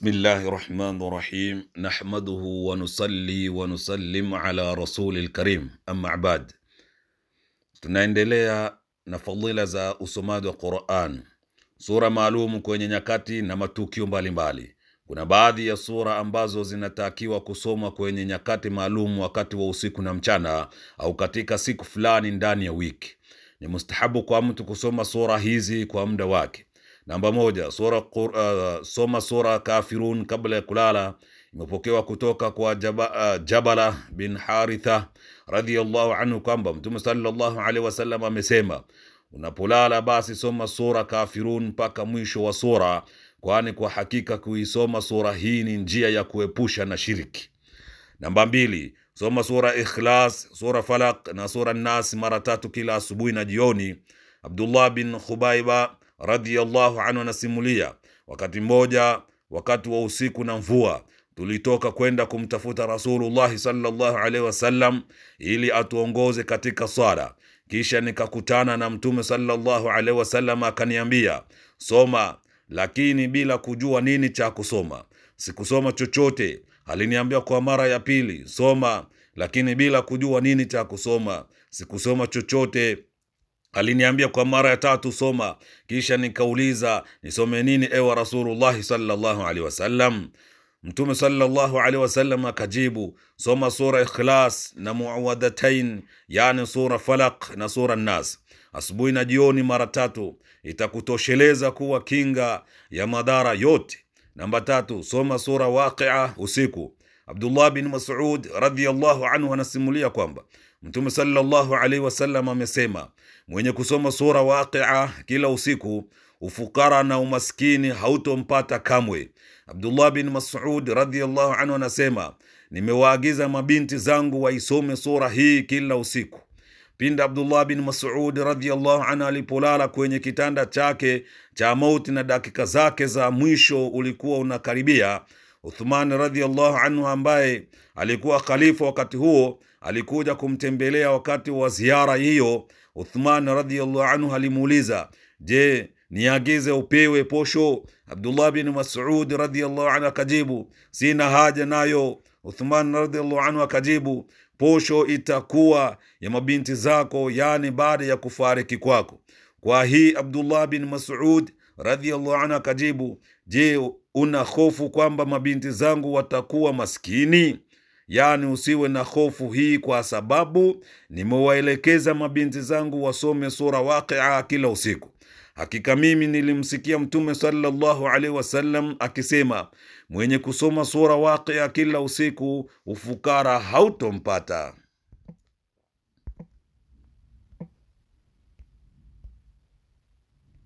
Bismillahi rahmani rahim nahmaduhu wanusalli wanusallim ala rasuli lkarim amma bad, tunaendelea na fadhila za usomaji wa Quran, sura maalum kwenye nyakati na matukio mbalimbali Kuna baadhi ya sura ambazo zinatakiwa kusomwa kwenye nyakati maalum, wakati wa usiku na mchana, au katika siku fulani ndani ya wiki. Ni mustahabu kwa mtu kusoma sura hizi kwa muda wake. Namba moja, sura uh, soma sura Kafirun kabla ya kulala. Imepokewa kutoka kwa Jaba, uh, Jabala bin Haritha radhiyallahu anhu kwamba Mtume sallallahu alaihi wasallam amesema, unapolala basi soma sura Kafirun mpaka mwisho wa sura, kwani kwa hakika kuisoma sura hii ni njia ya kuepusha na shiriki. Namba mbili, soma sura Ikhlas, sura Falaq na sura Nas mara tatu kila asubuhi na jioni. Abdullah bin Khubaiba radhiallahu anhu anasimulia, wakati mmoja, wakati wa usiku na mvua, tulitoka kwenda kumtafuta Rasulullahi sallallahu alaihi wasallam ili atuongoze katika swala. Kisha nikakutana na Mtume sallallahu alaihi wasallam akaniambia, soma, lakini bila kujua nini cha kusoma. Sikusoma chochote. Aliniambia kwa mara ya pili, soma, lakini bila kujua nini cha kusoma. Sikusoma chochote. Aliniambia kwa mara ya tatu, soma. Kisha nikauliza nisome nini, ewa Rasulullahi sallallahu alaihi wasallam? Mtume sallallahu alaihi wasallam akajibu, soma sura Ikhlas na Muawadhatain, yani sura Falaq na sura Nas asubuhi na jioni mara tatu, itakutosheleza kuwa kinga ya madhara yote. Namba tatu, soma sura Waqia usiku. Abdullah bin Mas'ud radhiyallahu anhu anasimulia kwamba Mtume sallallahu alaihi wasallam amesema, mwenye kusoma sura Waqia kila usiku ufukara na umaskini hautompata kamwe. Abdullah bin Mas'ud radhiyallahu anhu anasema, nimewaagiza mabinti zangu waisome sura hii kila usiku. pinda Abdullah bin Mas'ud radhiyallahu anhu alipolala kwenye kitanda chake cha mauti na dakika zake za mwisho ulikuwa unakaribia Uthman radhiallahu anhu ambaye alikuwa khalifa wakati huo alikuja kumtembelea wakati wa ziara hiyo. Uthman radhiallahu anhu alimuuliza, je, niagize upewe posho? Abdullah bin Mas'ud radhiallahu anhu akajibu, sina haja nayo. Uthman radhiallahu anhu akajibu, posho itakuwa ya mabinti zako, yaani baada ya kufariki kwako. Kwa hii Abdullah bin Mas'ud radhiallahu anhu akajibu, je, una hofu kwamba mabinti zangu watakuwa maskini? Yaani, usiwe na hofu hii, kwa sababu nimewaelekeza mabinti zangu wasome sura Waqia kila usiku. Hakika mimi nilimsikia Mtume sallallahu alaihi wasallam akisema, mwenye kusoma sura Waqia kila usiku, ufukara hautompata.